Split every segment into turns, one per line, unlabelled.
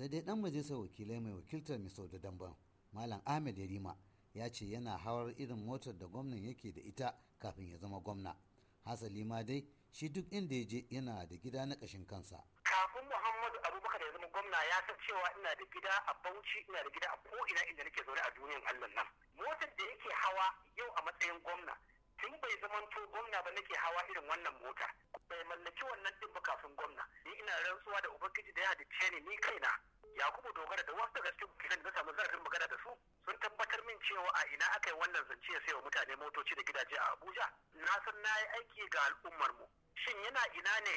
sai dai dan majalisar wakilai mai wakiltar misau da damban malam ahmed yarima ya ce yana hawar irin motar da gwamnan yake da ita kafin ya zama gwamna hasali ma dai shi duk inda ya je yana da gida na kashin kansa kafin muhammadu
abubakar ya zama gwamna ya san cewa ina da gida a bauchi ina da gida a ko ina inda nake zaune a duniyan allah nan motar da yake hawa yau a matsayin gwamna tun bai zamanto gwamna ba nake hawa irin wannan mota bai mallaki wannan din ba kafin gwamna ni ina rantsuwa da ubangiji da ya da ni ni kaina magana da wasu daga cikin kukilan da samu zarafin magana da su sun tabbatar min cewa a ina aka yi wannan zance sai wa mutane motoci da gidaje a Abuja na san na yi aiki ga al'ummar mu shin yana ina ne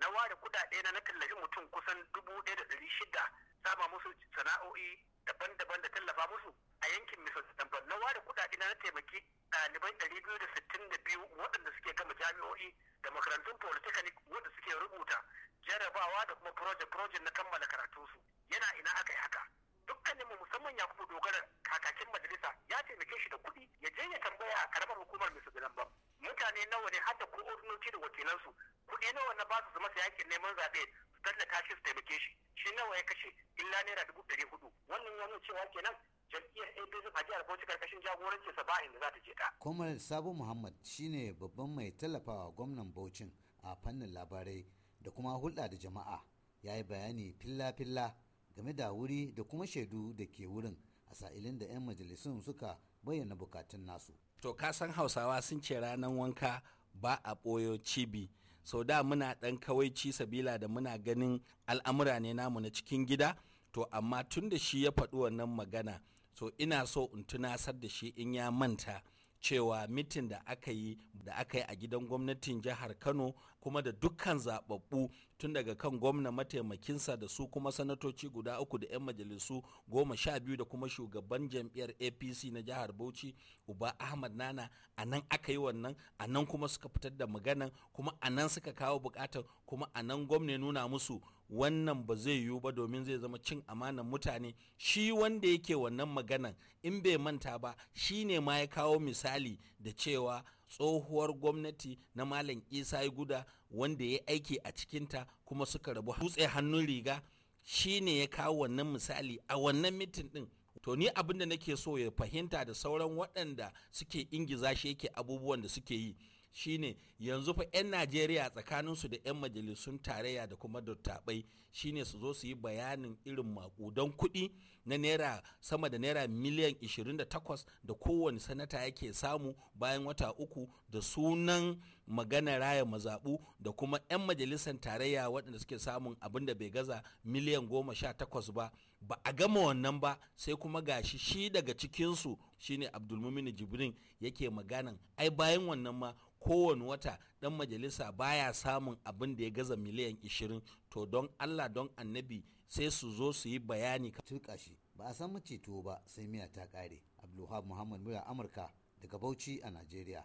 na ware kudade na na tallafi mutum kusan dubu ɗaya da ɗari shida saba musu sana'o'i daban-daban da tallafa musu a yankin misal na ware kudade na na taimaki ɗalibai ɗari biyu da sittin da biyu waɗanda suke gama jami'o'i da makarantun polytechnic wanda suke rubuta jarabawa da kuma project project na kammala karatunsu yana ina aka yi haka dukkanin mu musamman ya kuma dogara kakakin majalisa ya taimake shi da kuɗi ya je ya tambaya a karamar hukumar Mr. Bilambam mutane nawa ne har da ko ordinoci da wakilansu kuɗi nawa na basu su masa yakin neman zaɓe su tallata shi su taimake shi shi nawa ya kashe illa naira dubu ɗari hudu wannan ya cewa kenan jam'iyyar APC a jihar Bauchi karkashin jagorancin sa ba inda
za ta je ta. Komar Sabo Muhammad shi ne babban mai tallafawa gwamnan Bauchin a fannin labarai da kuma hulɗa da jama'a ya yi bayani filla-filla game da wuri da kuma shaidu da ke wurin a sa'ilin da 'yan majalisun suka bayyana bukatun nasu
to ka san hausawa sun ce ranar wanka ba a ɓoyo cibi sau so, da muna ɗan kawaici sabila da muna ganin al'amura ne namu na cikin gida to amma tun da shi ya faɗi wannan magana so ina so in tunasar da shi in ya manta cewa mitin da aka yi da aka yi a gidan gwamnatin jihar kano kuma da dukkan zababbu tun daga kan gwamna mataimakinsa da su kuma sanatoci guda uku da 'yan majalisu goma sha biyu da kuma shugaban jam'iyyar apc na jihar bauchi uba ahmad nana a nan aka yi wannan a nan kuma suka fitar da maganan kuma a nan suka kawo bukatar kuma a nan gwamna nuna musu wannan ba zai yiwu ba domin zai zama cin amanan mutane shi wanda yake wannan maganan in bai manta ba shi ne ma ya kawo misali da cewa tsohuwar gwamnati na malam isa guda wanda ya aiki a cikinta kuma suka rabu dutse hannun riga shi ne ya kawo wannan misali a wannan mitin din to ni abin da nake so ya fahimta da sauran waɗanda suke ingiza shi yake abubuwan da suke yi shine yanzu fa 'yan najeriya su da 'yan majalisun tarayya da kuma dattabai shine su zo su yi bayanin irin makudan kuɗi na naira sama da naira miliyan 28 da kowane sanata yake samu bayan wata uku da sunan magana raya mazaɓu da kuma 'yan majalisar tarayya waɗanda suke samun abin da bai gaza miliyan goma sha takwas ba ba a gama wannan ba sai kuma gashi shi daga cikinsu shine abdulmumin jibrin yake maganan ai bayan wannan ma kowane wata ɗan majalisa baya samun abin da ya gaza miliyan 20 to don allah don annabi sai su zo
su yi bayani ka shi ba a san mace tuwo ba sai miya ta kare abdulhab muhammad mura amurka daga bauchi a nigeria.